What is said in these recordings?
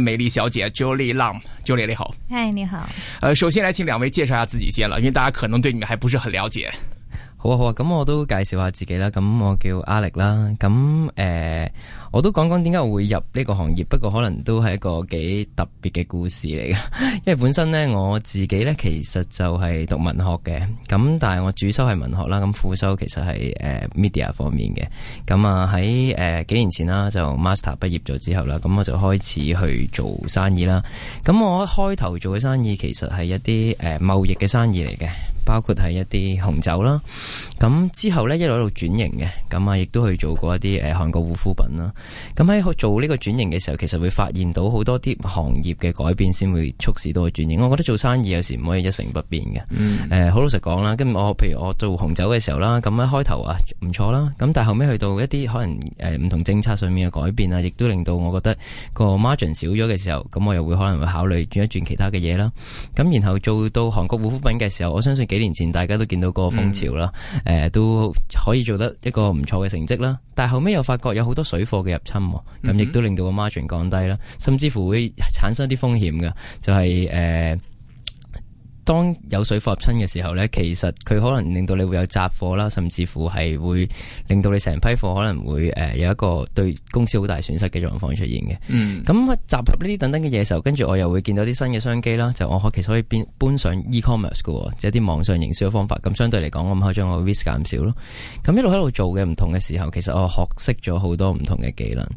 美麗小姐 Jolie Lam，Jolie 你好。嗨，你好。呃，首先來請兩位介紹一下自己先了，因為大家可能對你們還不是很了解。好啊好啊，咁我都介紹下自己啦。咁我叫 Alex 啦。咁誒、呃，我都講講點解我會入呢個行業。不過可能都係一個幾特別嘅故事嚟嘅，因為本身呢，我自己呢，其實就係讀文學嘅。咁但係我主修係文學啦，咁副修其實係誒、呃、Media 方面嘅。咁啊喺誒幾年前啦，就 Master 畢業咗之後啦，咁我就開始去做生意啦。咁我一開頭做嘅生意其實係一啲誒、呃、貿易嘅生意嚟嘅。包括係一啲紅酒啦，咁之後呢，一路一路轉型嘅，咁啊亦都去做過一啲誒韓國護膚品啦。咁喺做呢個轉型嘅時候，其實會發現到好多啲行業嘅改變，先會促使到轉型。我覺得做生意有時唔可以一成不變嘅。Mm hmm. 誒好老實講啦，咁我譬如我做紅酒嘅時候啦，咁一開頭啊唔錯啦，咁但係後尾去到一啲可能誒唔同政策上面嘅改變啊，亦都令到我覺得個 margin 少咗嘅時候，咁我又會可能會考慮轉一轉其他嘅嘢啦。咁然後做到韓國護膚品嘅時候，我相信幾幾年前大家都見到個風潮啦，誒、嗯呃、都可以做得一個唔錯嘅成績啦，但係後尾又發覺有好多水貨嘅入侵，咁、哦嗯、亦都令到個 margin 降低啦，甚至乎會產生啲風險嘅，就係、是、誒。呃當有水貨入親嘅時候呢，其實佢可能令到你會有雜貨啦，甚至乎係會令到你成批貨可能會誒有一個對公司好大損失嘅狀況出現嘅。咁、嗯、集合呢啲等等嘅嘢時候，跟住我又會見到啲新嘅商機啦，就我其實可以搬上 e-commerce 嘅，即係啲網上營銷嘅方法。咁相對嚟講，我可以將我嘅 risk 減少咯。咁一路喺度做嘅唔同嘅時候，其實我學識咗好多唔同嘅技能。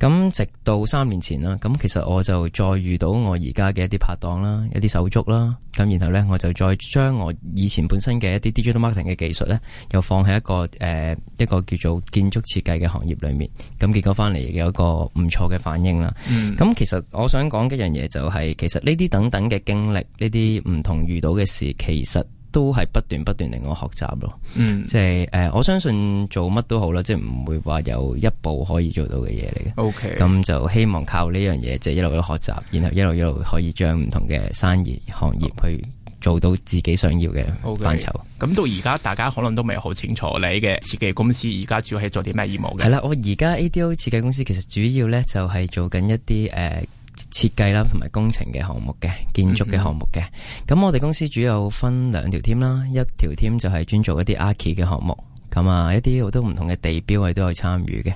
咁直到三年前啦，咁其實我就再遇到我而家嘅一啲拍檔啦，一啲手足啦，咁然後。咧我就再將我以前本身嘅一啲 digital marketing 嘅技術咧，又放喺一個誒、呃、一個叫做建築設計嘅行業裏面，咁結果翻嚟有一個唔錯嘅反應啦。咁、嗯、其實我想講一樣嘢就係、是，其實呢啲等等嘅經歷，呢啲唔同遇到嘅事，其實都係不斷不斷令我學習咯。即係誒，我相信做乜都好啦，即係唔會話有一步可以做到嘅嘢嚟嘅。O K，咁就希望靠呢樣嘢，即、就、係、是、一路都學習，然後一路一路可以將唔同嘅生意行業去。做到自己想要嘅範疇，咁、okay。到而家大家可能都未好清楚你嘅設計公司而家主要係做啲咩業務嘅？係啦，我而家 ADO 設計公司其實主要呢就係做緊一啲誒設計啦，同、呃、埋工程嘅項目嘅，建築嘅項目嘅。咁、嗯嗯、我哋公司主要分兩條 team 啦，一條 team 就係專做一啲 arch 嘅項目。咁啊，一啲好多唔同嘅地標，我哋都可以參與嘅。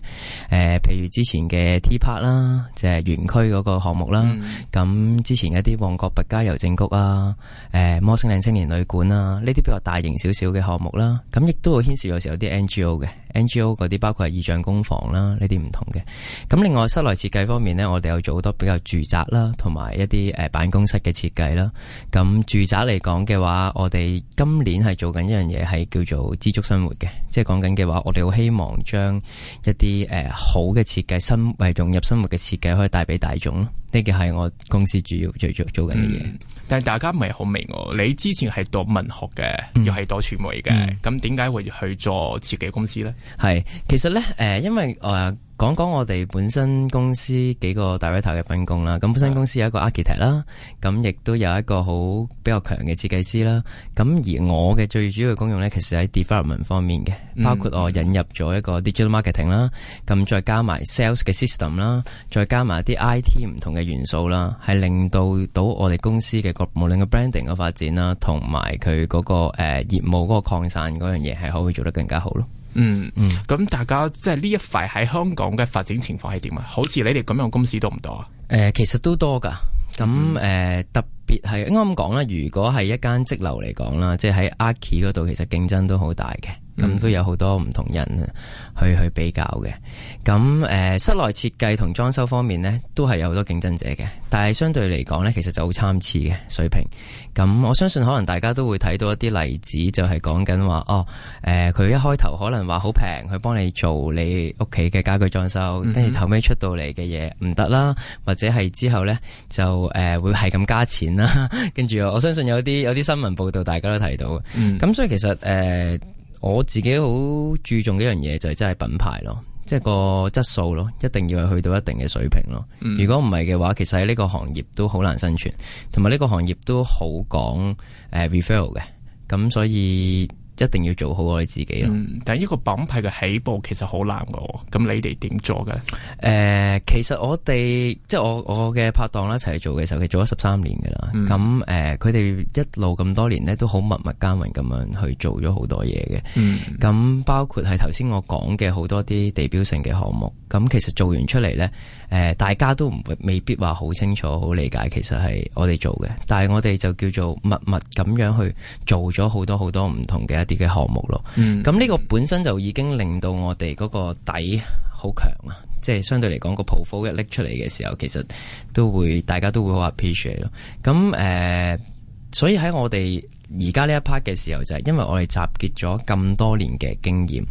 誒，譬如之前嘅 T-Park 啦，就係園區嗰個項目啦。咁之前一啲旺角百家郵政局啊，誒、呃，摩星嶺青年旅館啊，呢啲比較大型少少嘅項目啦。咁亦都會牽涉有時候有啲 NGO 嘅，NGO 嗰啲包括意象工房啦，呢啲唔同嘅。咁另外室內設計方面呢，我哋有做好多比較住宅啦，同埋一啲誒辦公室嘅設計啦。咁住宅嚟講嘅話，我哋今年係做緊一樣嘢，係叫做知足生活嘅。即係講緊嘅話，我哋好希望將一啲誒、呃、好嘅設計生，係融入生活嘅設計，可以帶俾大眾咯。呢個係我公司主要最做做緊嘅嘢。但係大家唔係好明我，你之前係讀文學嘅，又係讀傳媒嘅，咁點解會去做設計公司呢？係，其實呢，誒、呃，因為誒。講講我哋本身公司幾個大 V 頭嘅分工啦，咁本身公司有一個 architect 啦，咁亦都有一個好比較強嘅設計師啦，咁而我嘅最主要嘅功用呢，其實喺 development 方面嘅，包括我引入咗一個 digital marketing 啦，咁再加埋 sales 嘅 system 啦，再加埋啲 IT 唔同嘅元素啦，係令到到我哋公司嘅無論個 branding 嘅發展啦，同埋佢嗰個誒業務嗰個擴散嗰樣嘢，係可以做得更加好咯。嗯嗯，咁大家即係呢一塊喺香港嘅發展情況係點啊？好似你哋咁樣公司多唔多啊？誒、呃，其實都多噶，咁誒、嗯呃、特別係啱啱講啦。如果係一間職樓嚟講啦，即係喺 Arki 度，其實競爭都好大嘅。咁、嗯、都有好多唔同人去去比較嘅，咁誒、呃、室內設計同裝修方面呢，都係有好多競爭者嘅，但係相對嚟講呢，其實就好參差嘅水平。咁我相信可能大家都會睇到一啲例子就說說，就係講緊話哦，佢、呃、一開頭可能話好平，去幫你做你屋企嘅家居裝修，跟住後尾出到嚟嘅嘢唔得啦，或者係之後呢，就誒、呃、會係咁加錢啦，跟 住我相信有啲有啲新聞報道，大家都睇到，咁、嗯、所以其實誒。呃我自己好注重一樣嘢就係真係品牌咯，即係個質素咯，一定要係去到一定嘅水平咯。嗯，如果唔係嘅話，其實喺呢個行業都好難生存，同埋呢個行業都好講誒 refer 嘅，咁所以。一定要做好我自己咯、嗯。但係呢個品牌嘅起步其實好難嘅。咁你哋點做嘅？誒、呃，其實我哋即係我我嘅拍檔啦，一齊做嘅時候，佢做咗十三年嘅啦。咁誒、嗯，佢哋、嗯、一路咁多年咧，都好默默耕耘咁樣去做咗好多嘢嘅。咁、嗯、包括係頭先我講嘅好多啲地標性嘅項目。咁其實做完出嚟咧，誒、呃，大家都唔會未必話好清楚、好理解，其實係我哋做嘅。但係我哋就叫做默默咁樣去做咗好多好多唔同嘅一。嘅項目咯，咁呢、嗯、個本身就已經令到我哋嗰個底好強啊，即係相對嚟講，這個 profile 一拎出嚟嘅時候，其實都會大家都會好 appreciate 咯。咁、呃、誒，所以喺我哋而家呢一 part 嘅時候，就係、是、因為我哋集結咗咁多年嘅經驗。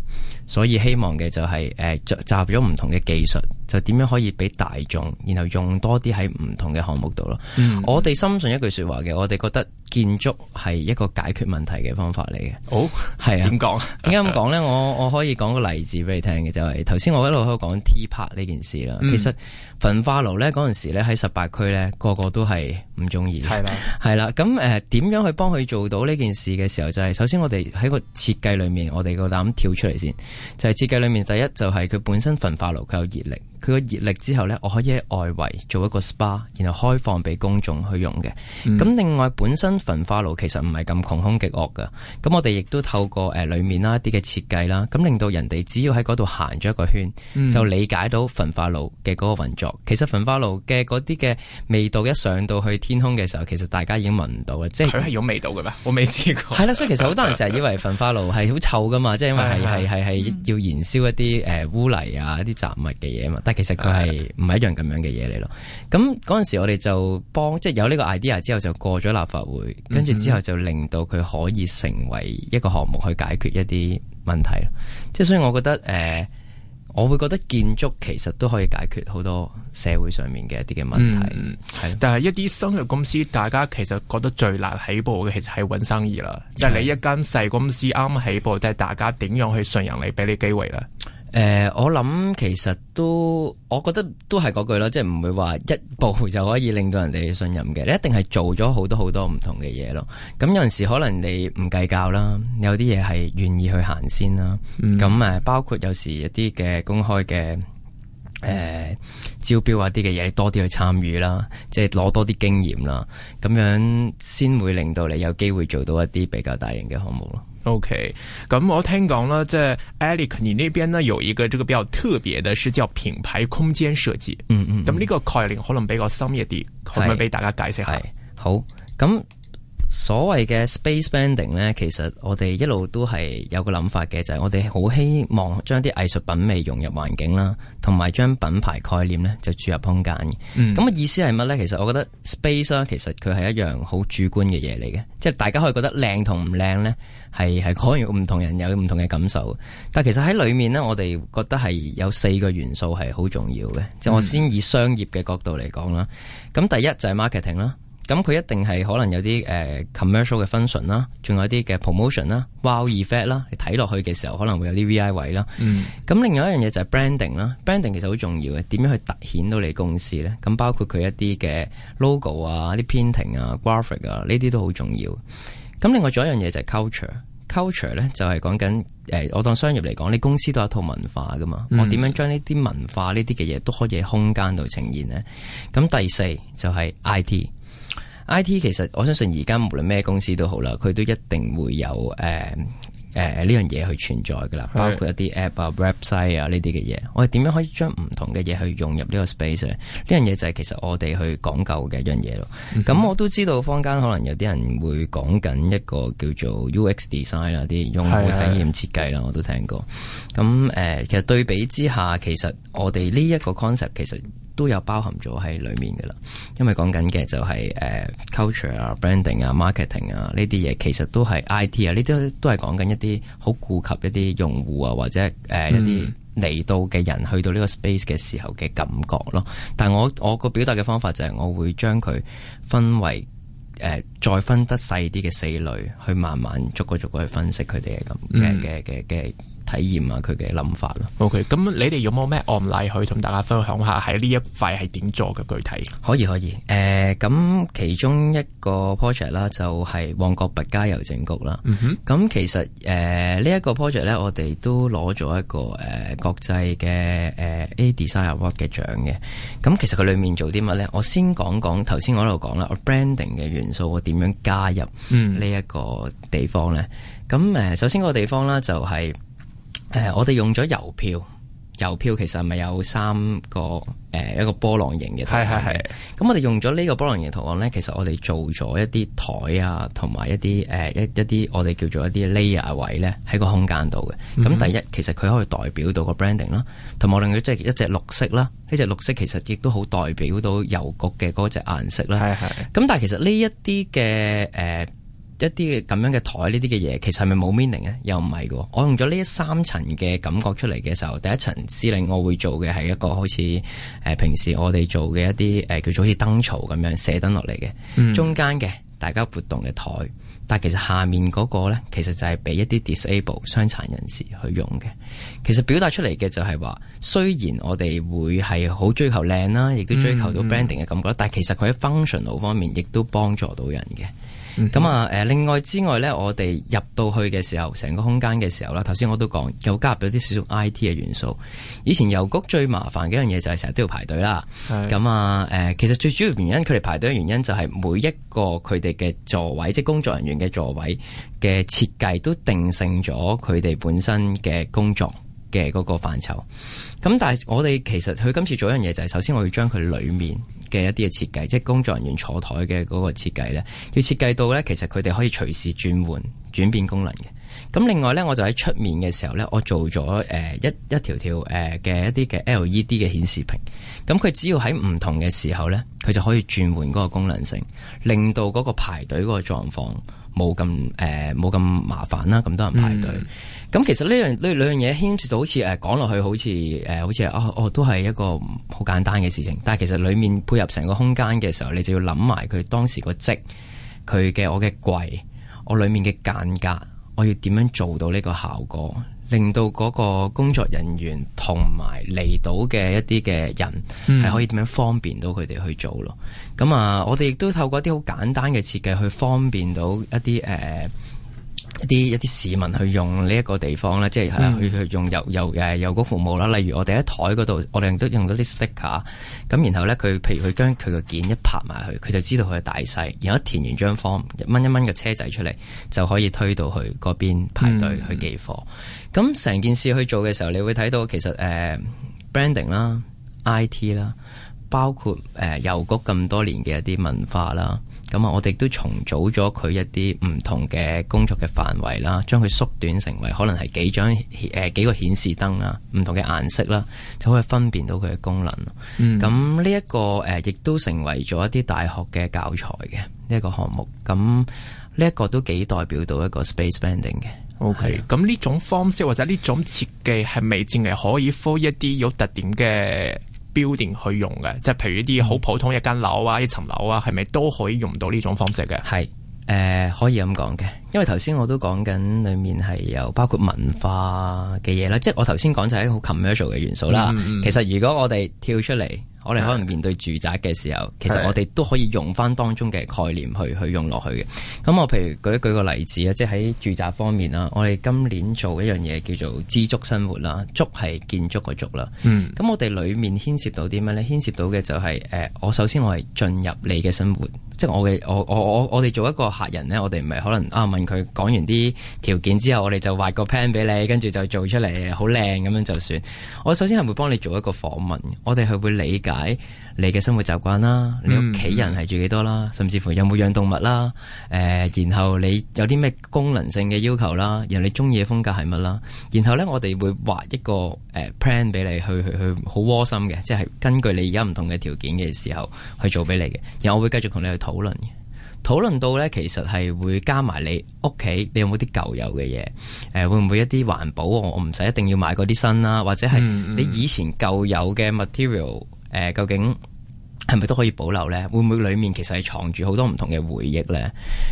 所以希望嘅就係、是、誒、啊、集合咗唔同嘅技術，就點樣可以俾大眾，然後用多啲喺唔同嘅項目度咯。嗯、我哋深信一句說話嘅，我哋覺得建築係一個解決問題嘅方法嚟嘅。好、哦，係啊，點講？點解咁講呢？我我可以講個例子俾你聽嘅，就係頭先我一路喺度講 T-Park 呢件事啦。嗯、其實焚化爐呢嗰陣時咧喺十八區呢，個個都係唔中意。係啦吧，係啦、啊。咁誒，點、呃、樣去幫佢做到呢件事嘅時候，就係、是、首先我哋喺個設計裏面，我哋個膽跳出嚟先。就係設計裏面，第一就係佢本身焚化爐佢有熱力。佢個熱力之後呢，我可以喺外圍做一個 SPA，然後開放俾公眾去用嘅。咁、嗯、另外本身焚化爐其實唔係咁窮凶極惡㗎。咁我哋亦都透過誒、呃、裡面啦一啲嘅設計啦，咁令到人哋只要喺嗰度行咗一個圈，嗯、就理解到焚化爐嘅嗰個運作。其實焚化爐嘅嗰啲嘅味道一上到去天空嘅時候，其實大家已經聞唔到啦。即係佢係有味道嘅咩？我未試過。係 啦， 所以其實好多人成日以為焚化爐係好臭㗎嘛，即係因為係係係係要燃燒一啲誒污泥啊、一啲雜物嘅嘢嘛。其實佢係唔係一樣咁樣嘅嘢嚟咯？咁嗰陣時，我哋就幫，即係有呢個 idea 之後，就過咗立法會，跟住之後就令到佢可以成為一個項目去解決一啲問題。即係所以，我覺得誒、呃，我會覺得建築其實都可以解決好多社會上面嘅一啲嘅問題。係、嗯，嗯、是但係一啲新入公司，大家其實覺得最難起步嘅，其實係搵生意啦。就是你一間細公司啱啱起步，但係大家點樣去信任你，俾你機會咧？誒、呃，我諗其實都，我覺得都係嗰句咯，即係唔會話一步就可以令到人哋信任嘅，你一定係做咗好多好多唔同嘅嘢咯。咁有陣時可能你唔計較啦，有啲嘢係願意去行先啦。咁誒、嗯，包括有時一啲嘅公開嘅。誒、呃，招標啊啲嘅嘢，多啲去參與啦，即係攞多啲經驗啦，咁樣先會令到你有機會做到一啲比較大型嘅項目咯。OK，咁我聽講啦，即係 Alex，你呢邊呢有一個這個比較特別嘅，是叫品牌空間設計。嗯、嗯嗯。咁呢個概念可能比較深一啲，可唔可以俾大家解釋下？好，咁。所謂嘅 space branding 呢，其實我哋一路都係有個諗法嘅，就係、是、我哋好希望將啲藝術品味融入環境啦，同埋將品牌概念呢就注入空間。咁嘅、嗯、意思係乜呢？其實我覺得 space 啊，其實佢係一樣好主觀嘅嘢嚟嘅，即係大家可以覺得靚同唔靚呢，係係可以唔同人有唔同嘅感受。但其實喺裏面呢，我哋覺得係有四個元素係好重要嘅。即係、嗯、我先以商業嘅角度嚟講啦，咁第一就係 marketing 啦。咁佢一定係可能有啲誒、呃、commercial 嘅 function 啦，仲有啲嘅 promotion 啦、wow effect 啦，睇落去嘅時候可能會有啲 VI 位啦。咁、嗯嗯、另外一樣嘢就係 branding 啦，branding 其實好重要嘅，點樣去凸顯到你公司咧？咁、嗯、包括佢一啲嘅 logo 啊、啲 printing 啊、graphic 啊，呢啲都好重要。咁、嗯、另外仲有一樣嘢就係 culture，culture 咧就係、是、講緊誒、呃，我當商業嚟講，你公司都有一套文化噶嘛。我點樣將呢啲文化呢啲嘅嘢都可以喺空間度呈現咧？咁、嗯嗯、第四就係 IT。IT 其實我相信而家無論咩公司都好啦，佢都一定會有誒誒呢樣嘢去存在噶啦，包括一啲 app 啊、website 啊呢啲嘅嘢。我哋點樣可以將唔同嘅嘢去融入呢個 space 咧？呢樣嘢就係其實我哋去講究嘅一樣嘢咯。咁、嗯、哼我都知道坊間可能有啲人會講緊一個叫做 UX design 啦，啲用戶體驗設計啦，的我都聽過。咁誒、呃，其實對比之下，其實我哋呢一個 concept 其實。都有包含咗喺裏面嘅啦，因為講緊嘅就係、是、誒、呃、culture 啊、branding 啊、marketing 啊呢啲嘢，其實都係 IT 啊呢啲都係講緊一啲好顧及一啲用戶啊或者誒、呃、一啲嚟到嘅人去到呢個 space 嘅時候嘅感覺咯。但係我我個表達嘅方法就係、是、我會將佢分為誒、呃、再分得細啲嘅四類，去慢慢逐個逐個去分析佢哋嘅咁嘅嘅嘅嘅。呃嗯體驗下佢嘅諗法咯。OK，咁你哋有冇咩案例 l 可以同大家分享下？喺呢一塊係點做嘅具體？可以，可以，可、呃、以。誒，咁其中一個 project 啦，就係旺角百佳郵政局啦。咁、嗯、哼其實誒呢、呃這個、一個 project 咧，我哋都攞咗一個誒國際嘅誒、呃、A Design Award 嘅獎嘅。咁其實佢裏面做啲乜咧？我先講講頭先我喺度講啦，branding 嘅元素我點樣加入呢一個地方咧？咁誒、嗯，首先個地方啦，就係、是。誒，我哋用咗郵票，郵票其實係咪有三個誒，一個波浪形嘅圖案？係係係。咁我哋用咗呢個波浪形圖案咧，其實我哋做咗一啲台啊，同埋一啲誒，一一啲我哋叫做一啲 layer 位咧，喺個空間度嘅。咁第一，其實佢可以代表到個 branding 啦，同埋我哋用咗一隻綠色啦，呢隻綠色其實亦都好代表到郵局嘅嗰隻顏色啦。係係。咁但係其實呢一啲嘅誒。呃一啲嘅咁樣嘅台呢啲嘅嘢，其實係咪冇 meaning 呢？又唔係喎。我用咗呢三層嘅感覺出嚟嘅時候，第一層司令，我會做嘅係一個好似誒、呃、平時我哋做嘅一啲誒、呃、叫做好似燈槽咁樣射燈落嚟嘅。嗯、中間嘅大家活動嘅台，但係其實下面嗰個咧，其實就係俾一啲 disable 傷殘人士去用嘅。其實表達出嚟嘅就係話，雖然我哋會係好追求靚啦，亦都追求到 branding 嘅感覺，嗯嗯，但係其實佢喺 functional 方面亦都幫助到人嘅。咁啊，誒、嗯，另外之外咧，我哋入到去嘅時候，成個空間嘅時候啦，頭先我都講有加入咗啲少少 I T 嘅元素。以前郵局最麻煩嘅一樣嘢就係成日都要排隊啦。咁是啊，誒，其實最主要原因，佢哋排隊嘅原因就係每一個佢哋嘅座位，即係工作人員嘅座位嘅設計都定性咗佢哋本身嘅工作，嘅嗰個範疇，咁但係我哋其實佢今次做一樣嘢就係，首先我要將佢裡面嘅一啲嘅設計，即係工作人員坐台嘅嗰個設計呢，要設計到呢，其實佢哋可以隨時轉換轉變功能嘅。咁另外呢，我就喺出面嘅時候呢，我做咗誒、呃、一一條條誒嘅、呃、一啲嘅 LED 嘅顯示屏，咁、嗯、佢、嗯、只要喺唔同嘅時候呢，佢就可以轉換嗰個功能性，令到嗰個排隊嗰個狀況冇咁誒冇咁麻煩啦，咁多人排隊。嗯咁其實呢樣呢兩樣嘢牽涉到好似誒講落去好似誒好似啊哦，哦都係一個好簡單嘅事情，但係其實裡面配合成個空間嘅時候，你就要諗埋佢當時個職，佢嘅我嘅櫃，我裡面嘅間隔，我要點樣做到呢個效果，令到嗰個工作人員同埋嚟到嘅一啲嘅人係可以點樣方便到佢哋去做咯。咁、嗯、啊，我哋亦都透過一啲好簡單嘅設計去方便到一啲誒。呃一啲一啲市民去用呢一個地方咧，即係係、嗯、去去用油油誒郵局服務啦。例如我哋喺台嗰度，我哋都用嗰啲 sticker，咁然後咧，佢譬如佢將佢個件一拍埋去，佢就知道佢嘅大細。然後填完張 form，掹一掹嘅車仔出嚟，就可以推到去嗰邊排隊去寄貨。咁成、嗯嗯、件事去做嘅時候，你會睇到其實誒 branding 啦、呃、Branding, IT 啦，包括誒郵局咁多年嘅一啲文化啦。咁啊，我哋都重組咗佢一啲唔同嘅工作嘅範圍啦，將佢縮短成為可能係幾張誒、呃、幾個顯示燈啦，唔同嘅顏色啦，就可以分辨到佢嘅功能。咁呢一個誒、呃，亦都成為咗一啲大學嘅教材嘅呢一個項目。咁呢一個都幾代表到一個 space banding 嘅。OK，係。咁呢、嗯、種方式或者呢種設計係咪淨係可以 for 一啲有特點嘅 Building 去用嘅，即係譬如啲好普通一間樓啊，一層樓啊，係咪都可以用到呢種方式嘅？係，誒、呃，可以咁講嘅，因為頭先我都講緊裏面係有包括文化嘅嘢啦，即係我頭先講就係一個好 commercial 嘅元素啦。嗯、其實如果我哋跳出嚟。我哋可能面對住宅嘅時候，其實我哋都可以用翻當中嘅概念去去用落去嘅。咁我譬如舉一舉個例子啊，即係喺住宅方面啦，我哋今年做一樣嘢叫做知足生活啦。足係建築個足啦。嗯。咁我哋裡面牽涉到啲咩呢？牽涉到嘅就係、是、誒，我首先我係進入你嘅生活。即係我嘅，我我我我哋做一個客人呢，我哋唔係可能啊問佢，講完啲條件之後，我哋就畫個 plan 俾你，跟住就做出嚟好靚咁樣就算。我首先係會幫你做一個訪問，我哋係會理解你嘅生活習慣啦，你屋企人係住幾多啦，甚至乎有冇養動物啦？誒、呃，然後你有啲咩功能性嘅要求啦？然後你中意嘅風格係乜啦？然後呢，我哋會畫一個誒、呃、plan 俾你去，去去好窩心嘅，即係根據你而家唔同嘅條件嘅時候去做俾你嘅。然後我會繼續同你去討論嘅，討論到呢其實係會加埋你屋企你有冇啲舊有嘅嘢？誒、呃，會唔會一啲環保？我唔使一定要買嗰啲新啦，或者係你以前舊有嘅 material？、呃、究竟？係咪都可以保留呢？會唔會裡面其實係藏住好多唔同嘅回憶呢？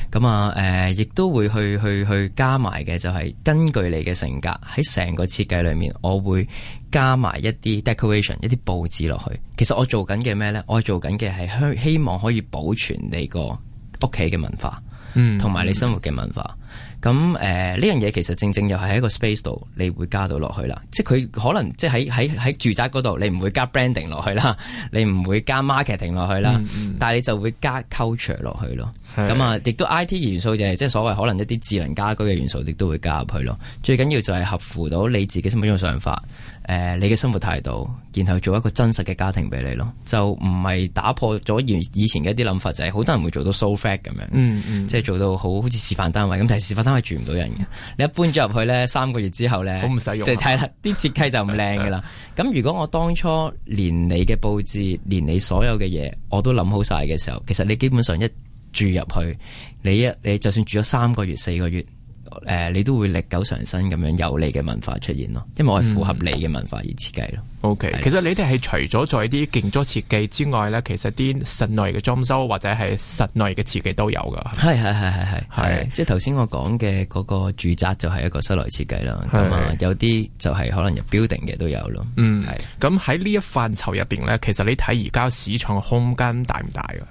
咁啊，誒、呃，亦都會去去去加埋嘅就係根據你嘅性格，喺成個設計裡面，我會加埋一啲 decoration，一啲佈置落去。其實我做緊嘅咩呢？我做緊嘅係希望可以保存你個屋企嘅文化，嗯、同埋你生活嘅文化。咁誒，呢樣嘢其實正正又係喺個 space 度，你會加到落去啦。即係佢可能即係喺喺喺住宅嗰度，你唔會加 branding 落去啦，你唔會加 marketing 落去啦，嗯、但係你就會加 culture 落去咯。咁是啊，亦都 I T 元素就係即係所謂可能一啲智能家居嘅元素，亦都會加入去咯。最緊要就係合乎到你自己心目中嘅想法，誒、呃，你嘅生活態度，然後做一個真實嘅家庭俾你咯。就唔係打破咗以前嘅一啲諗法，就係、是、好多人會做到 show flat 咁樣，嗯嗯、即係做到好好似示範單位咁。示範單位住唔到人嘅，你一搬咗入去咧，三個月之後咧， 就睇啦啲設計就唔靚噶啦。咁 如果我當初連你嘅布置， 連你所有嘅嘢，我都諗好晒嘅時候，其實你基本上一住入去，你一你就算住咗三個月、四個月。誒、呃，你都會歷久常新咁樣，有你嘅文化出現咯，因為我係符合你嘅文化而設計咯。O K，嗯、的其實你哋係除咗做啲競桌設計之外咧，其實啲室內嘅裝修或者係室內嘅設計都有噶。係係係係係係，的即係頭先我講嘅嗰個住宅就係一個室內設計啦。咁啊的，有啲就係可能有 building 嘅都有咯。嗯，係的。咁喺呢一範疇入邊咧，其實你睇而家市場嘅空間大唔大？誒、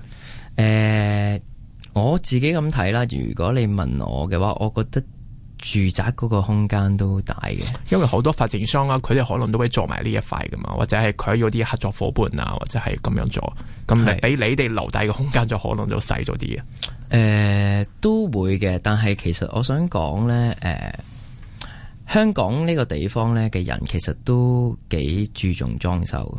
呃。我自己咁睇啦，如果你問我嘅話，我覺得住宅嗰個空間都大嘅，因為好多發展商啦，佢哋可能都會做埋呢一塊噶嘛，或者係佢有啲合作夥伴啊，或者係咁樣做，咁係俾你哋留低嘅空間就是可能就細咗啲嘅。誒、呃，都會嘅，但係其實我想講呢，誒、呃，香港呢個地方呢嘅人其實都幾注重裝修，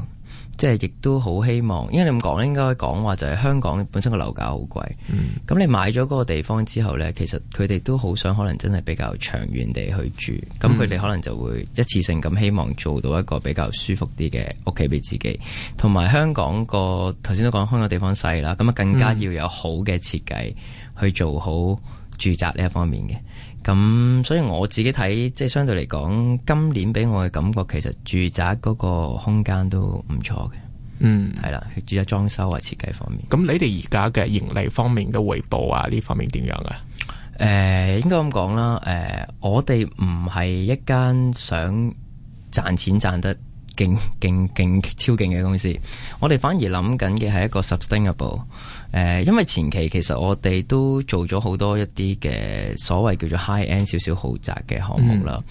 即係亦都好希望，因為你咁講咧，應該講話就係香港本身個樓價好貴。咁、嗯、你買咗嗰個地方之後呢，其實佢哋都好想可能真係比較長遠地去住。咁佢哋可能就會一次性咁希望做到一個比較舒服啲嘅屋企俾自己。同埋香港個頭先都講香港地方細啦，咁啊更加要有好嘅設計去做好住宅呢一方面嘅。咁所以我自己睇，即係相對嚟講，今年俾我嘅感覺，其實住宅嗰個空間都唔錯嘅。嗯，係啦，住宅裝修啊、設計方面。咁你哋而家嘅盈利方面都回報啊，呢方面點樣啊？誒、呃，應該咁講啦。誒、呃，我哋唔係一間想賺錢賺得。勁勁勁超勁嘅公司，我哋反而諗緊嘅係一個 sustainable 誒，因為前期其實我哋都做咗好多一啲嘅所謂叫做 high end 少少豪宅嘅項目啦。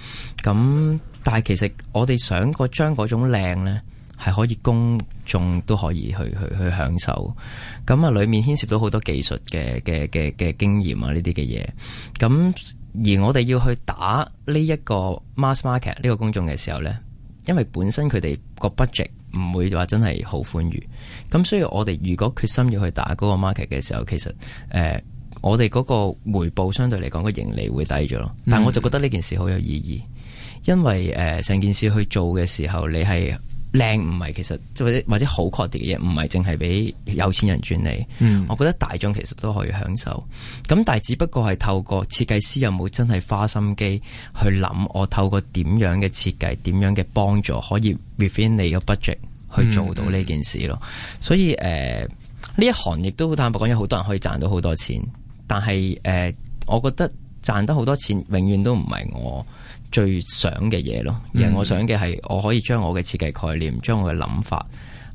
咁、嗯、但係其實我哋想過將嗰種靚呢，係可以公眾都可以去去去享受。咁啊，裏面牽涉到好多技術嘅嘅嘅嘅經驗啊，呢啲嘅嘢。咁而我哋要去打呢一個 mass market 呢個公眾嘅時候呢。因為本身佢哋個 budget 唔會話真係好寬裕，咁所以我哋如果決心要去打嗰個 market 嘅時候，其實誒、呃、我哋嗰個回報相對嚟講，個盈利會低咗咯。但我就覺得呢件事好有意義，因為誒成、呃、件事去做嘅時候，你係。靚唔係，其實或者或者好確定嘅嘢，唔係淨係俾有錢人專利。嗯、我覺得大眾其實都可以享受。咁但係只不過係透過設計師有冇真係花心機去諗，我透過點樣嘅設計，點樣嘅幫助，可以 within 你嘅 budget 去做到呢件事咯。嗯嗯、所以誒，呢、呃、一行亦都好坦白講，有好多人可以賺到好多錢。但係誒、呃，我覺得賺得好多錢，永遠都唔係我。最想嘅嘢咯，而我想嘅係我可以將我嘅設計概念、將、嗯、我嘅諗法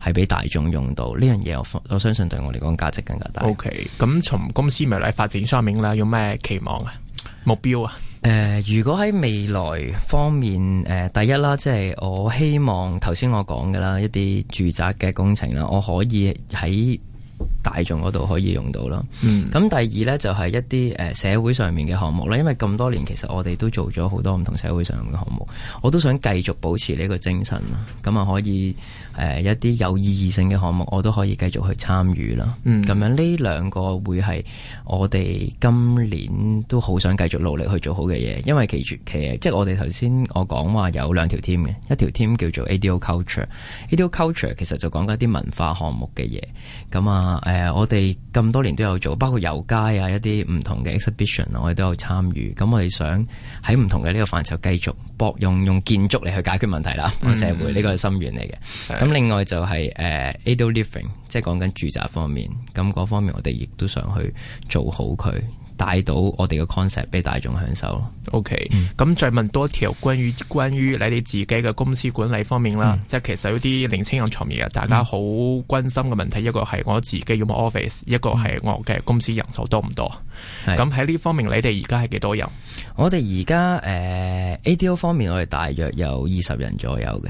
係俾大眾用到呢樣嘢。我我相信對我嚟講價值更加大。OK，咁從公司未來發展上面啦，有咩期望啊？目標啊？誒、呃，如果喺未來方面，誒、呃，第一啦，即、就、係、是、我希望頭先我講嘅啦，一啲住宅嘅工程啦，我可以喺。大眾嗰度可以用到啦，嗯，咁第二咧，就係一啲誒社會上面嘅項目啦。因為咁多年其實我哋都做咗好多唔同社會上嘅項目，我都想繼續保持呢個精神啦，咁啊可以。誒、呃、一啲有意義性嘅項目，我都可以繼續去參與啦。咁、嗯、樣呢兩個會係我哋今年都好想繼續努力去做好嘅嘢，因為其其即係我哋頭先我講話有兩條 team 嘅，一條 team 叫做 A.D.O. Culture，A.D.O. Culture 其實就講緊一啲文化項目嘅嘢。咁啊，誒、呃、我哋咁多年都有做，包括遊街啊一啲唔同嘅 exhibition，我哋都有參與。咁我哋想喺唔同嘅呢個範疇繼續博用用建築嚟去解決問題啦，個、嗯、社會呢個係心願嚟嘅。咁另外就係誒 Ado Living，即係講緊住宅方面。咁嗰方面我哋亦都想去做好佢，帶到我哋嘅 concept 俾大眾享受。OK，咁、嗯、再問多條關於關於你哋自己嘅公司管理方面啦。嗯、即係其實有啲年輕人創業嘅，大家好關心嘅問題。嗯、一個係我自己有冇 office，一個係我嘅公司人數多唔多。咁喺呢方面，你哋而家係幾多人？我哋而家誒 Ado 方面，我哋大約有二十人左右嘅。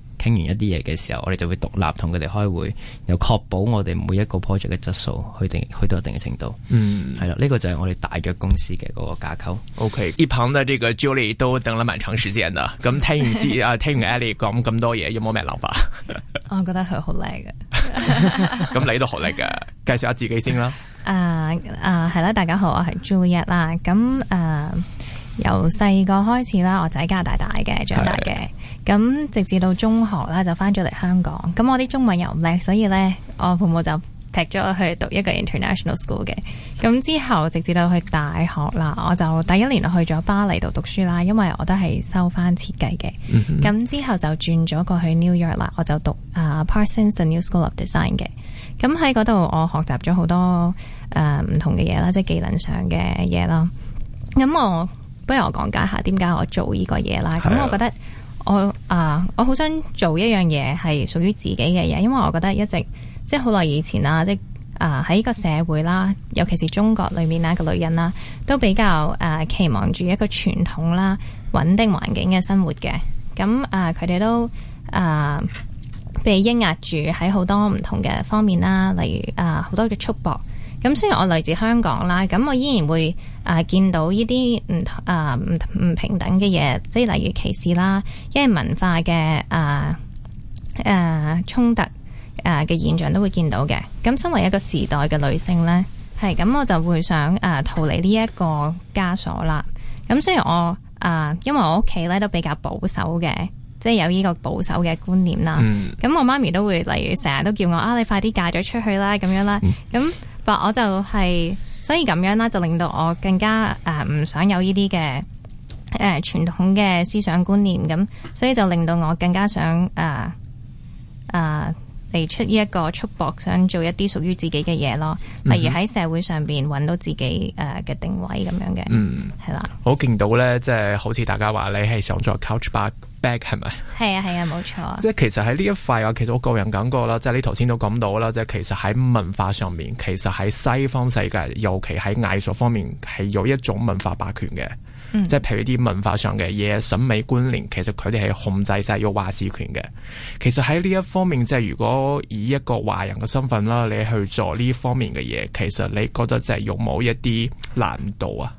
傾完一啲嘢嘅時候，我哋就會獨立同佢哋開會，又確保我哋每一個 project 嘅質素，去定去到一定嘅程度。嗯，係啦，呢、這個就係我哋大嘅公司嘅嗰個架構。O、okay, K，一旁嘅這個 Julie 都等了蠻長時間啦。咁聽完啊聽完 Alice 講咁多嘢有冇咩諗法？ 我覺得佢 好叻嘅。咁你都好叻嘅，介紹下自己先啦。啊啊係啦，大家好，我係 Julie 啦。咁啊。由細個開始啦，我就喺加拿大嘅長大嘅，咁的直至到中學啦，就返咗嚟香港。咁我啲中文又唔叻，所以呢，我父母就踢咗我去讀一個 international school 嘅。咁之後直至到去大學啦，我就第一年去咗巴黎度讀書啦，因為我都係修翻設計嘅。咁、嗯、哼之後就轉咗過去 New York 啦，我就讀啊 Parsons The New School of Design 嘅。咁喺嗰度我學習咗好多誒唔、uh, 同嘅嘢啦，即係技能上嘅嘢咯。咁我。不如我講解下點解我做呢個嘢啦。咁我覺得我啊，我好想做一樣嘢係屬於自己嘅嘢，因為我覺得一直即係好耐以前啦，即係啊喺呢個社會啦，尤其是中國裏面一個女人啦，都比較誒期望住一個傳統啦、穩定環境嘅生活嘅。咁啊，佢、呃、哋都啊、呃、被抑壓住喺好多唔同嘅方面啦，例如啊好、呃、多嘅束縛。咁雖然我來自香港啦，咁我依然會啊見到呢啲唔啊唔唔平等嘅嘢，即係例如歧視啦，因為文化嘅啊啊衝突啊嘅現象都會見到嘅。咁身為一個時代嘅女性呢，係咁我就會想啊逃離呢一個枷鎖啦。咁雖然我啊因為我屋企呢都比較保守嘅，即係有呢個保守嘅觀念啦。咁、嗯、我媽咪都會例如成日都叫我啊，你快啲嫁咗出去啦咁樣啦，咁、嗯。我就係、是，所以咁樣啦，就令到我更加誒唔、呃、想有呢啲嘅誒傳統嘅思想觀念，咁所以就令到我更加想誒誒。呃呃嚟出呢一個束縛，想做一啲屬於自己嘅嘢咯，例如喺社會上邊揾到自己誒嘅定位咁樣嘅，嗯，係樣、嗯、啦。就是、好見到咧，即係好似大家話你係想做 couch back 係咪？係啊係啊，冇錯、啊。即係其實喺呢一塊啊，其實我個人感覺啦，即、就、係、是、你頭先都講到啦，即、就、係、是、其實喺文化上面，其實喺西方世界，尤其喺藝術方面，係有一種文化霸權嘅。嗯、即係譬如啲文化上嘅嘢、審美觀念，其實佢哋係控制晒要話事權嘅。其實喺呢一方面，即係如果以一個華人嘅身份啦，你去做呢方面嘅嘢，其實你覺得即係有冇一啲難度啊？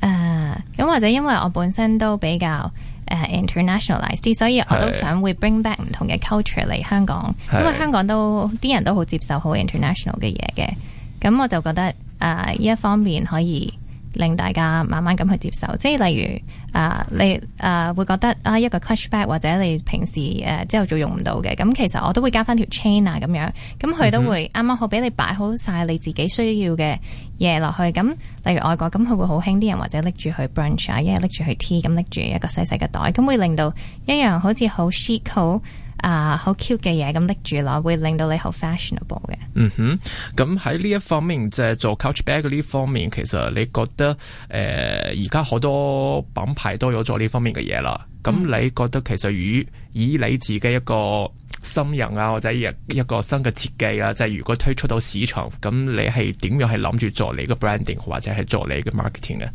誒、啊，咁或者因為我本身都比較誒、uh, internationalized，所以我都想會 bring back 唔同嘅 culture 嚟香港，是因為香港都啲是人都好接受好 international 嘅嘢嘅，咁我就覺得誒呢、uh, 一方面可以。令大家慢慢咁去接受，即係例如啊、呃，你啊、呃、會覺得啊一個 clutch bag 或者你平時誒、呃、之後做用唔到嘅，咁其實我都會加翻條 chain 啊咁樣，咁佢都會啱啱好俾你擺好晒你自己需要嘅嘢落去。咁例如外國，咁佢會好興啲人或者拎住去 brunch 啊，一係拎住去 tea，咁拎住一個細細嘅袋，咁會令到一樣好似好 chic 好。啊，好 cute 嘅嘢咁拎住落，會令到你好 fashionable 嘅。嗯哼，咁喺呢一方面即係、就是、做 couch bag 呢方面，其實你覺得誒而家好多品牌都有做呢方面嘅嘢啦。咁你覺得其實以以你自己一個新人啊，或者一一個新嘅設計啊，即、就、係、是、如果推出到市場，咁你係點樣係諗住做你嘅 branding 或者係做你嘅 marketing 嘅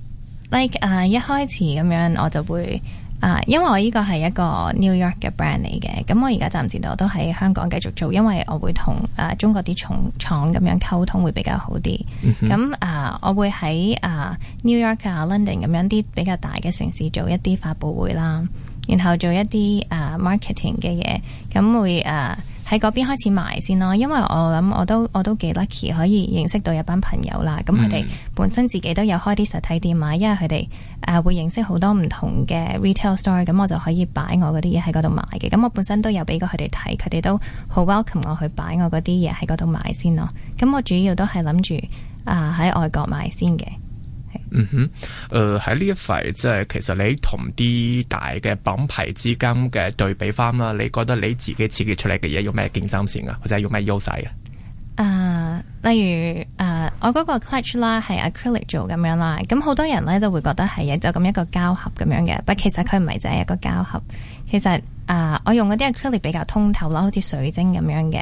？Like 啊、uh,，一開始咁樣我就會。啊，uh, 因為我呢個係一個 New York 嘅 brand 嚟嘅，咁我而家暫時都都喺香港繼續做，因為我會同啊、uh, 中國啲重廠咁樣溝通會比較好啲。咁啊、mm，hmm. uh, 我會喺啊、uh, New York 啊、uh, London 咁樣啲比較大嘅城市做一啲發布會啦，然後做一啲啊、uh, marketing 嘅嘢，咁會啊。Uh, 喺嗰邊開始賣先咯，因為我諗我都我都幾 lucky 可以認識到一班朋友啦。咁佢哋本身自己都有開啲實體店賣，因為佢哋誒會認識好多唔同嘅 retail store，咁我就可以擺我嗰啲嘢喺嗰度賣嘅。咁我本身都有俾過佢哋睇，佢哋都好 welcome 我去擺我嗰啲嘢喺嗰度賣先咯。咁我主要都係諗住啊喺外國賣先嘅。嗯哼，誒喺呢一塊即係其實你同啲大嘅品牌之間嘅對比翻啦，你覺得你自己設計出嚟嘅嘢有咩競爭性啊？或者有咩優勢啊？誒、呃，例如誒、呃，我嗰個 clutch 啦，係 acrylic 做咁樣啦，咁好多人咧就會覺得係嘢就咁一個膠盒咁樣嘅，但其實佢唔係淨係一個膠盒，其實誒、呃，我用嗰啲 acrylic 比較通透囉，好似水晶咁樣嘅。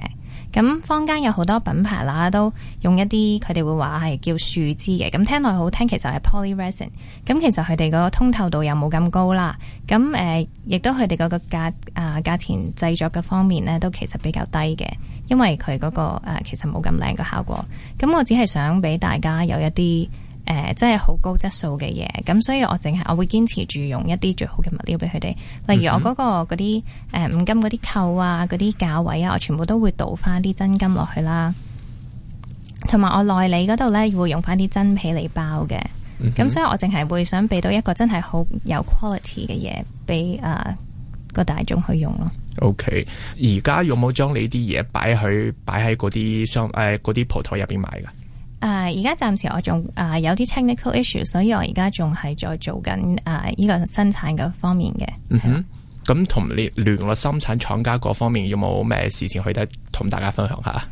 咁坊間有好多品牌啦，都用一啲佢哋會話係叫樹脂嘅，咁聽落好聽，其實係 polyresin。咁其實佢哋嗰個通透度又冇咁高啦。咁誒，亦都佢哋嗰個價啊價錢製作嘅方面呢，都其實比較低嘅，因為佢嗰個誒、啊、其實冇咁靚嘅效果。咁我只係想俾大家有一啲。誒，即係好高質素嘅嘢，咁所以我淨係我會堅持住用一啲最好嘅物料俾佢哋。例如我嗰、嗰個嗰啲誒五金嗰啲扣啊、嗰啲架位啊，我全部都會倒翻啲真金落去啦。同埋我內裏嗰度咧，會用翻啲真皮嚟包嘅。咁、嗯、哼所以我淨係會想俾到一個真係好有 quality 嘅嘢，俾、呃、誒個大眾去用咯。OK，而家有冇將你啲嘢擺去擺喺嗰啲商誒啲鋪頭入邊買噶？誒，而家暫時我仲誒、uh, 有啲 technical issue，所以我而家仲係在做緊誒呢個生產嘅方面嘅。嗯哼，咁同你聯絡生產廠家嗰方面有冇咩事情可以得同大家分享下？啊、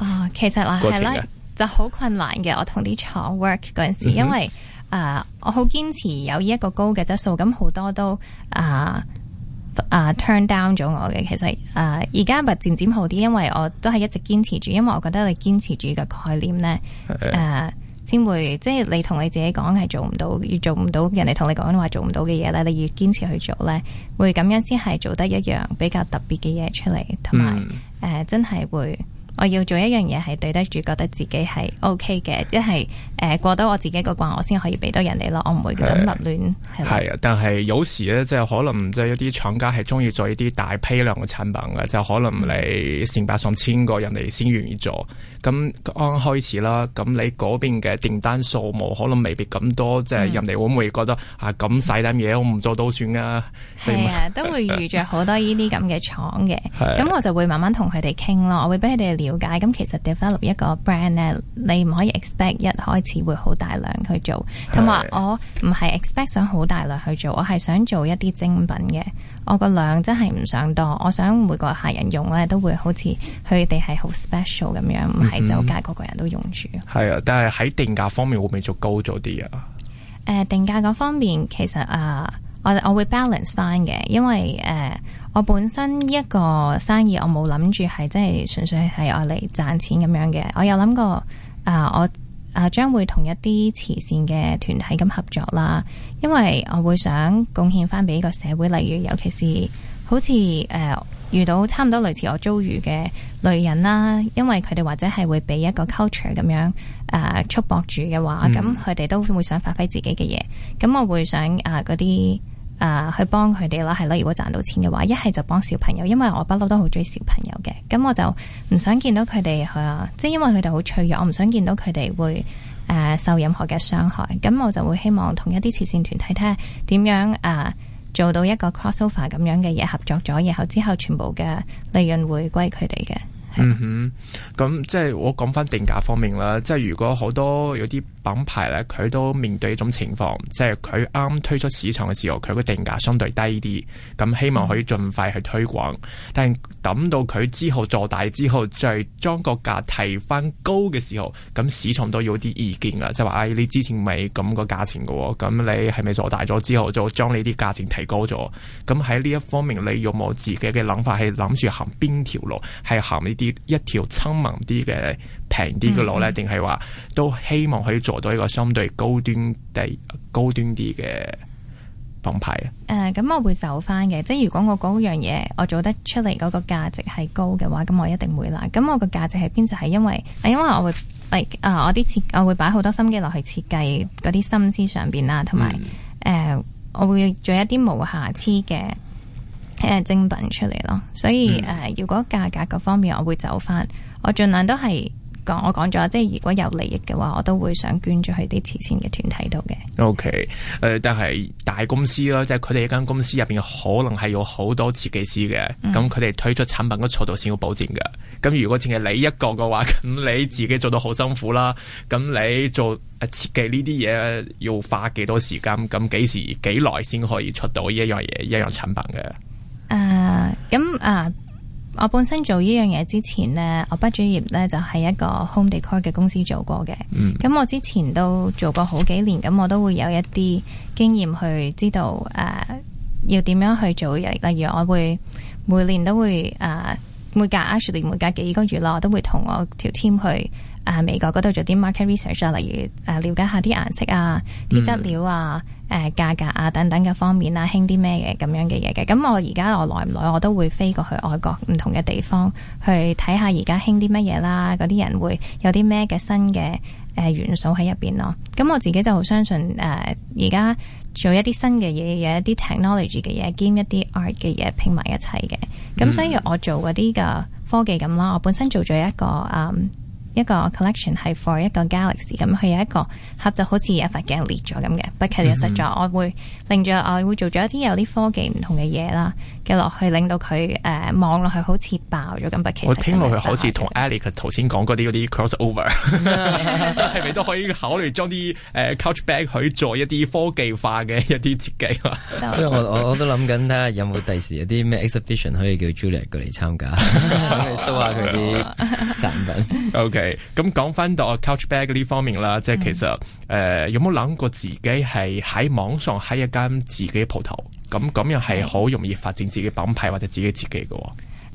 哦，其實係啦，就好困難嘅。我同啲廠 work 嗰陣時，嗯、哼因為誒、uh, 我好堅持有呢一個高嘅質素，咁好多都啊。Uh, 啊、uh,，turn down 咗我嘅，其實啊，而家咪漸漸好啲，因為我都係一直堅持住，因為我覺得你堅持住嘅概念呢，誒 Okay.、uh,，先會即係你同你自己講係做唔到，越做唔到，人哋同你講話做唔到嘅嘢呢。你越堅持去做呢，會咁樣先係做得一樣比較特別嘅嘢出嚟，同埋誒，mm. uh, 真係會。我要做一樣嘢係對得住，覺得自己係 OK 嘅，即係誒、呃、過到我自己個關，我先可以俾到人哋咯。我唔會咁立亂係。係啊，但係有時咧，即係可能即係一啲廠家係中意做一啲大批量嘅產品嘅，就可能你成百上千個人哋先願意做。嗯咁啱開始啦，咁你嗰邊嘅訂單數目可能未必咁多，即係的人哋會唔會覺得啊，咁細單嘢，我唔做到算啊？係啊的， 都會遇着好多呢啲咁嘅廠嘅。咁的我就會慢慢同佢哋傾咯，我會俾佢哋了解。咁其實 develop 一個 brand 咧，你唔可以 expect 一開始會好大量去做。同埋我唔係 expect 想好大量去做，我係想做一啲精品嘅。我個量真係唔想多，我想每個客人用咧都會好似佢哋係好 special 咁樣，唔係周街個個人都用住。係、嗯、啊，但係喺定價方面會唔會做高咗啲啊？誒、呃，定價嗰方面其實啊、呃，我我會 balance 翻嘅，因為誒、呃，我本身一個生意我冇諗住係真係純粹係我嚟賺錢咁樣嘅，我有諗過啊、呃、我。啊，將會同一啲慈善嘅團體咁合作啦，因為我會想貢獻翻俾呢個社會，例如尤其是好似誒、呃、遇到差唔多類似我遭遇嘅女人啦，因為佢哋或者係會俾一個 culture 咁樣誒、呃、束縛住嘅話，咁佢哋都會想發揮自己嘅嘢，咁我會想啊嗰啲。呃啊，去幫佢哋啦，係咯。如果賺到錢嘅話，一係就幫小朋友，因為我不嬲都好中意小朋友嘅，咁我就唔想見到佢哋啊，即係因為佢哋好脆弱，我唔想見到佢哋會誒、啊、受任何嘅傷害，咁我就會希望同一啲慈善團體睇下點樣誒、啊、做到一個 crossover 咁樣嘅嘢，合作咗，然後之後全部嘅利潤會歸佢哋嘅。嗯哼，咁即係我講翻定價方面啦，即係如果好多有啲。品牌咧，佢都面對一種情況，即係佢啱推出市場嘅時候，佢個定價相對低啲，咁、嗯、希望可以盡快去推廣。但係等到佢之後做大之後，再將個價提返高嘅時候，咁、嗯、市場都有啲意見啦，就話，唉、哎，你之前咪咁個價錢㗎喎，咁、嗯、你係咪做大咗之後，就將呢啲價錢提高咗？咁喺呢一方面，你有冇自己嘅諗法，係諗住行邊條路，係行呢啲一條親民啲嘅？平啲嘅路咧，定係話都希望可以做到一個相對高端啲、高端啲嘅品牌。誒、呃，咁我會走翻嘅，即係如果我嗰樣嘢我做得出嚟嗰個價值係高嘅話，咁我一定會啦。咁我個價值喺邊就係、是、因為，因為我會誒、like, 呃，我啲設我會擺好多心機落去設計嗰啲心思上邊啦，同埋誒，我會做一啲無瑕疵嘅誒、呃、精品出嚟咯。所以誒、呃，如果價格嗰方面我會走翻，我盡量都係。講我講咗，即係如果有利益嘅話，我都會想捐咗去啲慈善嘅團體度嘅。O K，誒，但係大公司啦，即係佢哋一間公司入邊可能係有好多設計師嘅，咁佢哋推出產品嘅速度先要保證嘅。咁如果淨係你一個嘅話，咁你自己做到好辛苦啦。咁你做設計呢啲嘢，要花幾多時間？咁幾時幾耐先可以出到呢？嗯、一樣嘢一樣產品嘅？誒、uh, 嗯，咁啊。我本身做呢樣嘢之前呢，我畢咗業呢，就喺、是、一個 home decor 嘅公司做過嘅。咁、嗯、我之前都做過好幾年，咁我都會有一啲經驗去知道誒、呃，要點樣去做。例如，我會每年都會誒、呃，每隔 actually 每隔幾個月啦，我都會同我條 team 去。啊！美國嗰度做啲 market research 啊，例如啊，瞭解下啲顏色啊、啲、嗯、質料啊、誒、啊、價格啊等等嘅方面啦，啊，興啲咩嘅咁樣嘅嘢嘅。咁我而家我耐唔耐我都會飛過去外國唔同嘅地方去睇下而家興啲乜嘢啦。嗰啲人會有啲咩嘅新嘅誒元素喺入邊咯。咁我自己就好相信誒，而、啊、家做一啲新嘅嘢嘢，有一啲 technology 嘅嘢兼一啲 art 嘅嘢拼埋一齊嘅。咁所以我做嗰啲嘅科技咁啦，我本身做咗一個嗯。一個 collection 係 for 一個 galaxy，咁佢有一個盒就好似一塊鏡裂咗咁嘅，不過其實實在，我會令住我會做咗一啲有啲科技唔同嘅嘢啦。嘅落去，令到佢誒、呃、望落去好似爆咗咁，其實我聽落去好似同 Alex 頭先講嗰啲嗰啲 cross over，係咪都可以考慮將啲誒、呃、couch bag 去做一啲科技化嘅一啲設計？ 所以我我我都諗緊睇下有冇第時有啲咩 exhibition 可以叫 Juliet 過嚟參加，show 下佢啲產品。 OK，咁講翻到 couch bag 呢方面啦，嗯、即係其實誒有冇諗過自己係喺網上喺一間自己鋪頭？咁咁又係好容易發展自己品牌或者自己設計嘅。誒、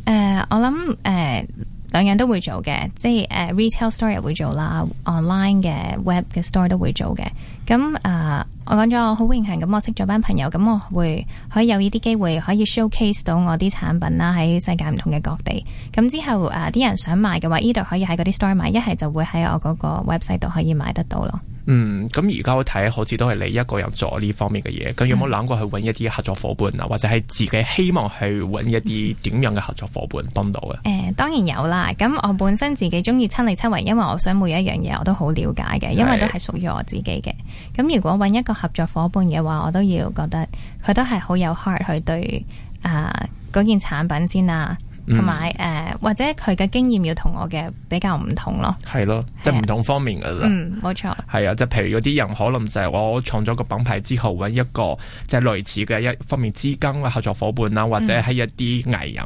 呃，我諗誒兩樣都會做嘅，即係誒、啊、retail store 會做啦，online 嘅 web 嘅 store 都會做嘅。咁誒、呃，我講咗我好榮幸，咁我識咗班朋友，咁我會可，會可以有呢啲機會可以 showcase 到我啲產品啦，喺世界唔同嘅各地。咁之後誒啲、呃、人想買嘅話，呢度可以喺嗰啲 store 買，一係就會喺我嗰個 website 度可以買得到咯。嗯，咁而家我睇好似都係你一個人做呢方面嘅嘢。咁、嗯，有冇諗過去揾一啲合作伙伴啊，或者係自己希望去揾一啲點樣嘅合作伙伴幫到嘅？誒、嗯，當然有啦。咁我本身自己中意親力親為，因為我想每一樣嘢我都好了解嘅，因為都係屬於我自己嘅。咁如果揾一個合作伙伴嘅話，我都要覺得佢都係好有 heart 去對啊嗰、呃、件產品先啦、啊。同埋誒，或者佢嘅經驗要同我嘅比較唔同咯，係咯，即係唔同方面噶啦。嗯，冇錯。係啊，即係譬如有啲人，可能就係我創咗個品牌之後，搵一個即係、就是、類似嘅一方面資金嘅合作伙伴啦，或者係一啲藝人，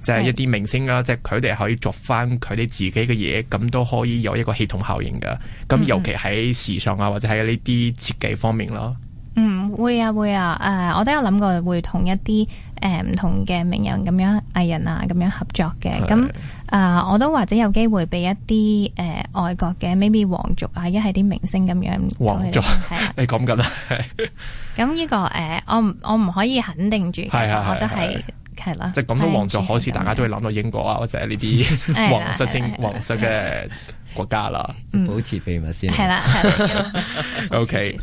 即係、嗯、一啲明星啦，即係佢哋可以作翻佢哋自己嘅嘢，咁都可以有一個系統效應噶。咁尤其喺時尚啊，或者喺呢啲設計方面咯。嗯，會啊會啊，誒，我都有諗過會一、呃、同一啲誒唔同嘅名人咁樣藝人啊咁樣合作嘅，咁誒的、呃、我都或者有機會俾一啲誒、呃、外國嘅 maybe 皇族啊，一係啲明星咁樣，皇族係你講緊啦，咁呢、 這個誒、呃、我唔我唔可以肯定住，係啊係，我都係係咯，即係講到皇族，好似大家都會諗到英國啊或者呢啲皇室先皇室嘅。樣 國家啦，嗯、保持秘密先係啦，係 OK，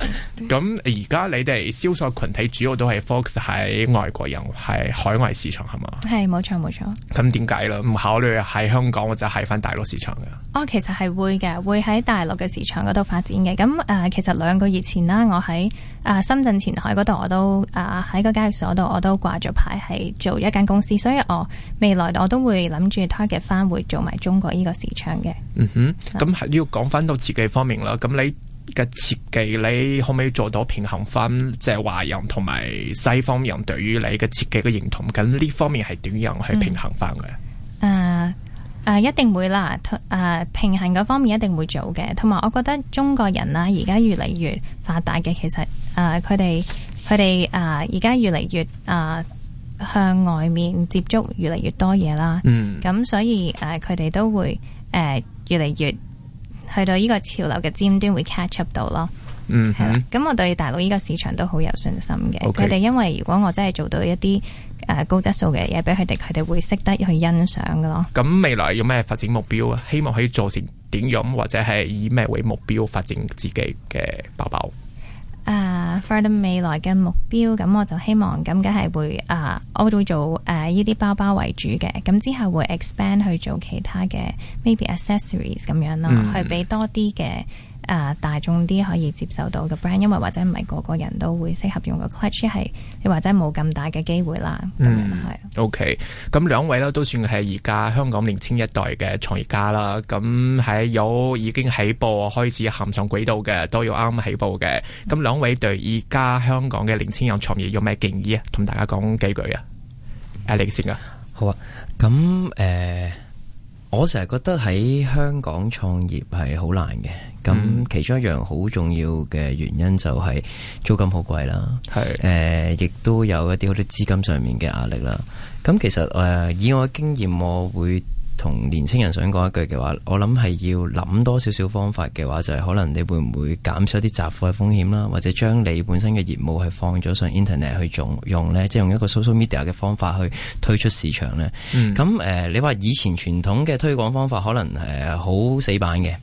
咁而家你哋銷售群體主要都係 focus 喺外國人，喺海外市場係嘛？係冇錯，冇錯。咁點解啦？唔考慮喺香港或者喺翻大陸市場嘅？哦，其實係會嘅，會喺大陸嘅市場嗰度發展嘅。咁誒、呃，其實兩個月前啦，我喺誒、呃、深圳前海嗰度，我都誒喺、呃、個交易所度，我都掛咗牌係做一間公司，所以我未來我都會諗住 target 翻會做埋中國呢個市場嘅。嗯哼。咁係、嗯、要講翻到設計方面啦，咁你嘅設計你可唔可以做到平衡翻？即係華人同埋西方人對於你嘅設計嘅認同，咁呢方面係點樣去平衡翻嘅？誒誒、嗯呃呃，一定會啦，誒、呃、平衡嗰方面一定會做嘅。同埋，我覺得中國人啦、啊，而家越嚟越發達嘅，其實誒，佢哋佢哋誒，而家、啊、越嚟越誒、呃、向外面接觸越嚟越多嘢啦。嗯。咁所以誒，佢、呃、哋都會誒。呃越嚟越去到呢個潮流嘅尖端，會 catch up 到咯。嗯哼，係啦。咁我對大陸呢個市場都好有信心嘅。佢哋 Okay. 因為如果我真係做到一啲誒高質素嘅嘢，俾佢哋，佢哋會識得去欣賞噶咯。咁未來有咩發展目標啊？希望可以做成點樣，或者係以咩為目標發展自己嘅包包？啊、uh,，for the 未來嘅目標，咁我就希望，咁梗係會啊，uh, 我會做做誒呢啲包包為主嘅，咁之後會 expand 去做其他嘅，maybe accessories 咁樣咯，mm. 去俾多啲嘅。誒、uh, 大眾啲可以接受到嘅 brand，因為或者唔係個個人都會適合用個 clutch。或者冇咁大嘅機會啦，咁、嗯、樣係、就是。O K，咁兩位咧都算係而家香港年輕一代嘅創業家啦。咁喺有已經起步開始行上軌道嘅，都有啱啱起步嘅。咁兩位對而家香港嘅年輕人創業有咩建議啊？同大家講幾句啊？Alex 先啊，好啊。咁誒、呃，我成日覺得喺香港創業係好難嘅。咁、嗯、其中一樣好重要嘅原因就係租金好貴啦，係誒是，亦、呃、都有一啲好多資金上面嘅壓力啦。咁、嗯、其實誒、呃，以我經驗，我會同年青人想講一句嘅話，我諗係要諗多少少方法嘅話，就係、是、可能你會唔會減少一啲集貨嘅風險啦，或者將你本身嘅業務係放咗上 internet 去用用呢，即係用一個 social media 嘅方法去推出市場呢。咁誒、嗯呃，你話以前傳統嘅推廣方法可能係好死板嘅。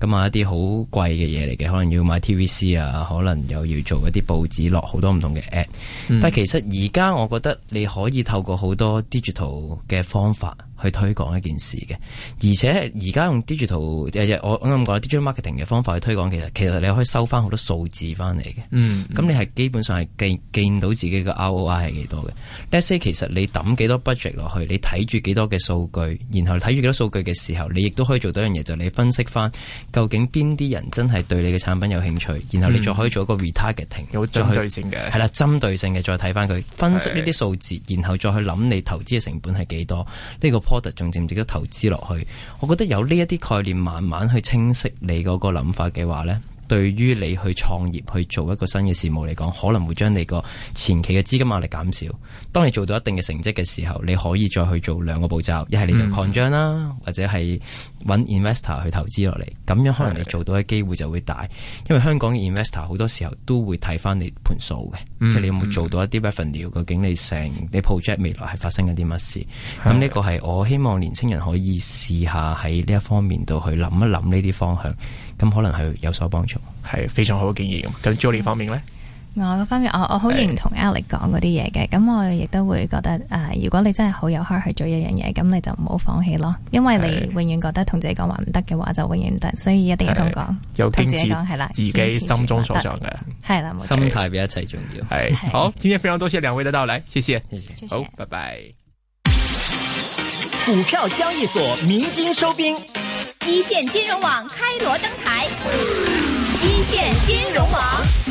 咁啊一啲好貴嘅嘢嚟嘅，可能要買 TVC 啊，可能又要做一啲報紙落好多唔同嘅 app，嗯，但係其實而家我覺得你可以透過好多 digital 嘅方法。去推廣一件事嘅，而且而家用 digital，我咁講 digital marketing 嘅方法去推廣，其實其實你可以收翻好多數字翻嚟嘅。嗯、mm，咁、hmm. 你係基本上係見見到自己嘅 ROI 係幾多嘅？Let's say 啲其實你抌幾多 budget 落去，你睇住幾多嘅數據，然後睇住幾多數據嘅時候，你亦都可以做到一樣嘢，就你分析翻究竟邊啲人真係對你嘅產品有興趣，然後你再可以做一個 retargeting，mm hmm. 去有對性嘅，係啦，針對性嘅再睇翻佢分析呢啲數字，的然後再去諗你投資嘅成本係幾多呢、這個。仲值唔值得投資落去？我覺得有呢一啲概念，慢慢去清晰你嗰個諗法嘅話呢。對於你去創業去做一個新嘅事務嚟講，可能會將你個前期嘅資金壓力減少。當你做到一定嘅成績嘅時候，你可以再去做兩個步驟，一係你就擴張啦，或者係揾 investor 去投資落嚟。咁樣可能你做到嘅機會就會大，的因為香港嘅 investor 好多時候都會睇返你盤數嘅，的即係你有冇做到一啲 revenue，究竟你成，你 project 未來係發生緊啲乜事。咁呢的個係我希望年青人可以試下喺呢一方面度去諗一諗呢啲方向。咁可能係有所幫助，係非常好嘅建議咁。咁 Jolie 方面咧我嘅方面我我好認同 Alex 講嗰啲嘢嘅，咁我亦都會覺得誒，如果你真係好有 heart 去做一樣嘢，咁你就唔好放棄咯，因為你永遠覺得同自己講，話唔得嘅話，就永遠唔得，所以一定要同講，有堅持自己心中所想嘅，係啦，心態比一切重要。係。好，今天非常多謝兩位嘅到嚟。謝謝，謝謝，好，拜拜。股票交易所明金收兵。一線金融網開鑼登台，一線金融網。